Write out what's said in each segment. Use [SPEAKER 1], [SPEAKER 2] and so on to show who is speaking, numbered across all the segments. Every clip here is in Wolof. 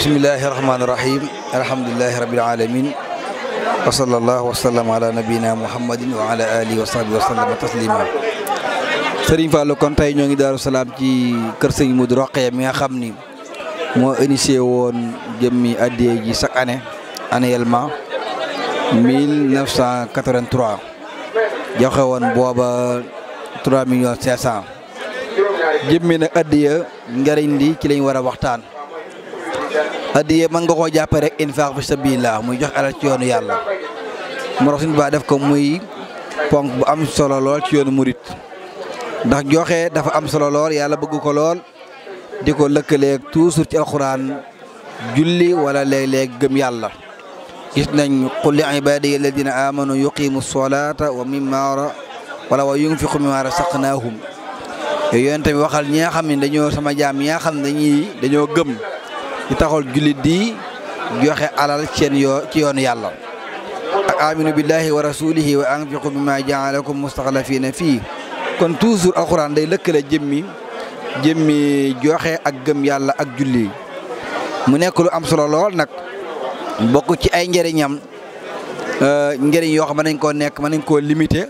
[SPEAKER 1] bismillahi rahmaani rahim alhamdulilahi rabil alamin wa sallallahu wa sallam ala nabiyina muhammadin wa ala alihi wa sahbihi wa sallam taslima kon tey ñoo ngi Daaru Salaam ci kër Serigne Modou Rokhaya mi nga xam ni moo initié woon jëmmi addiyee ji chaque année annuellement 1983 woon booba 3 millions 500 jëmmi nag addiya njariñ ci lañ war a waxtaan addiye mën nga koo jàppe rek infaq fi sabilillah muy jox alal ci yoonu yàlla moo tax baa def ko muy ponk bu am solo lool ci yoonu murit ndax joxe dafa am solo lool yàlla bëggu ko lool di ko lëkkaleeg toujours ci alxuraan julli wala léeg-léeg gëm yàlla gis nañ qul li ibadiya alladina amanu yuqimu solata wa mimma wala wa yunfiqu mimma naa yooyu yonent bi waxal ñi xam ne dañoo sama jaam ñi nga xam ne dañuy dañoo gëm ñu taxol jullit di joxe alal seen yoo ci yoon yàlla ak aminu billahi wa rasulihi wa anfiqu bima jaalakum mustaxlafina fii kon toujours alxuraan day lëkkale jëmmi jëmmi joxe ak gëm yàlla ak julli mu nekk lu am solo lool nag bokk ci ay njëriñam njëriñ yoo xam nañ koo nekk mën nañ koo limité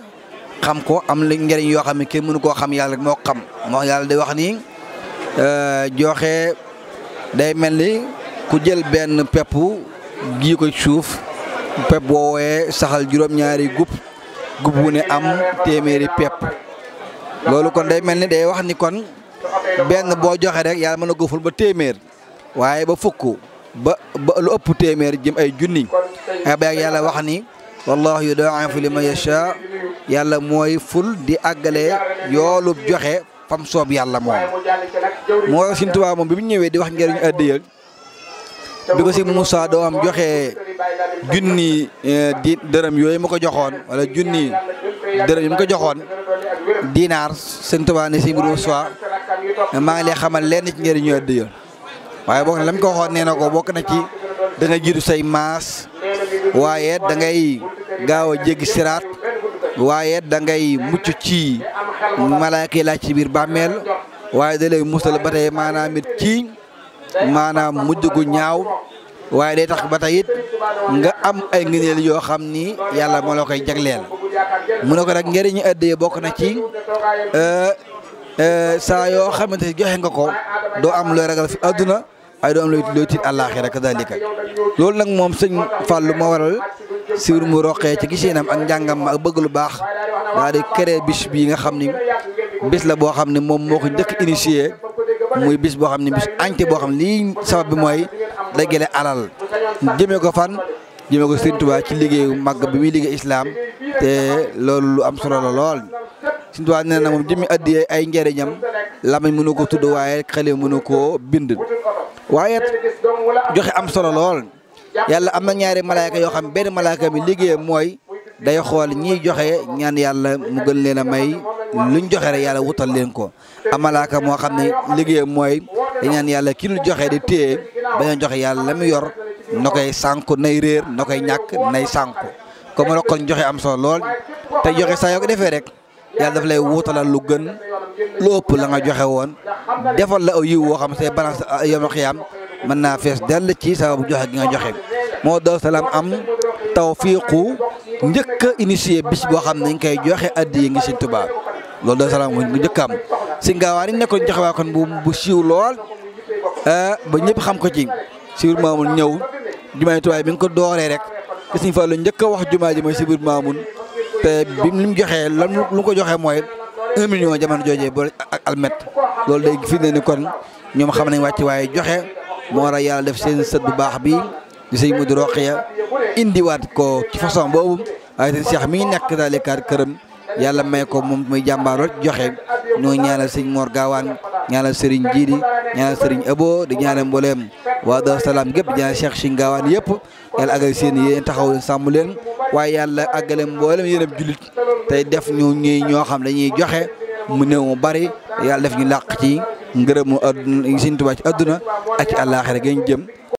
[SPEAKER 1] xam ko am la njëriñ yoo xam ne kenn mënu koo xam yàlla moo xam moo yàlla day wax ni joxe day mel ni ku jël benn pepp ji ko suuf pepp woowee saxal juróom-ñaari gub gub wu ne am téeméeri pepp loolu kon day mel ni day wax ni kon benn boo joxe rek yàlla mën a goful ba téeméer waaye ba fukk ba lu ëpp téeméer jëm ay junni ay ba yàlla wax ni wallahu yudaa'ifu liman yashaa yàlla mooy ful di àggale yoolub joxe fam soob yàlla moom moo tax Sëriñ moom bi mu ñëwee di wax njëriñu addiyal bi ko si Moussa doo am joxe junni eh, dërëm yooyu ma ko joxoon wala junni dërëm yi ma ko joxoon dinaar Sëriñ Tuubaa ne si Moussa maa nga lay xamal lenn ci njëriñu addiyal waaye bokk na la mu ko waxoon nee na ko bokk na ci da nga say maas waaye dangay gaaw a jéggi siraat waaye da ngay mucc ci malaaka yi laaj ci biir bàmmeel waaye da lay musal ba tey maanaam it ci maanaam mujj gu ñaaw waaye day tax ba tey it nga am ay ngëneel yoo xam ni yàlla moo koy jagleel. mu ne ko nag njëriñu addee bokk na ci euh, euh, saa yoo xamante ni joxe nga ko doo am looy ragal fi àdduna ay doo am looy looy tiit àllaaxira kadalika loolu nag moom sëñ Fallou moo waral. siwir mu roqee ci gisinam ak njàngam ma bëgg lu baax daal di créé bis bii nga xam ni bis la boo xam ne moom moo ko dëkk initié muy bis boo xam ne bis añte boo xam ne lii sabab bi mooy dajale alal jëmee ko fan jëme ko Sëriñ Tuubaa ci liggéeyu màgg bi muy liggéey islaam te loolu lu am solo la lool Sëriñ Tuubaa nee na moom jëmi addi ay njëriñam lamañ mënu ko tudd waaye xale mënu ko bind waaye joxe am solo lool yàlla am na ñaari malaayka yoo xam benn malaaka mi liggéey mooy day xool ñiy joxe ñaan yàlla mu gën leen a may luñ joxe rek yàlla wutal leen ko am malaaka moo xam ne liggéey mooy da ñaan yàlla ki lu joxe di téye bañ a joxe yàlla la mu yor na koy sànku nay réer na koy ñàkk nay sànku comme la kon joxe am soo lool te joxe saa yoo defee rek yàlla daf lay wutalal lu gën lu ëpp la nga joxe woon defal la aw yiw woo xam say balance yomal xiyaam mën naa fees dell ci sababu joxe gi nga joxe moo Daaru Salaam am tawfiiqu njëkk a initié bis boo xam ne ñu koy joxe addiya ngi si Tuubaa loolu Daaru Salaam mu njëkk am si ngaawaan yi nekkoon joxe waa kon bu bu siiw lool eh, ba ñëpp xam ko ci Sibir Maamun ñëw jumaay Tuubaa bi nga ko dooree rek gis ñu fa njëkk wax jumaa ji mooy Sibir Maamun te bi mu joxee lan lu ko joxee mooy million jamono joojee ba ak almet lool day fi ne ni kon ñoom xam nañ wàcc waaye joxe moo war a def seen sët bu baax bi di sëñ Modou Rokhaya indiwaat ko ci façon boobu waaye sëñ Cheikh mi ngi nekk daal écart këram yàlla may ko moom muy jàmbaarool joxe ñoo ñaanal sëñ moor Gaawaan ñaanal sëriñ Jiidi ñaanal sëriñ Abo di ñaanal mbooleem waa Daaru Salaam gépp ñaanal Cheikh Sine Gaawaan yëpp yàlla àggal seen yéen taxaw sàmm leen waaye yàlla àggale mbooleem yéen ab jullit tey def ñu ñuy ñoo xam dañuy joxe mu néew mu bari yàlla def ñu làq ci ngërëmu àdduna Sëriñ Tuubaa ci àdduna ak ci àllaaxira gën jëm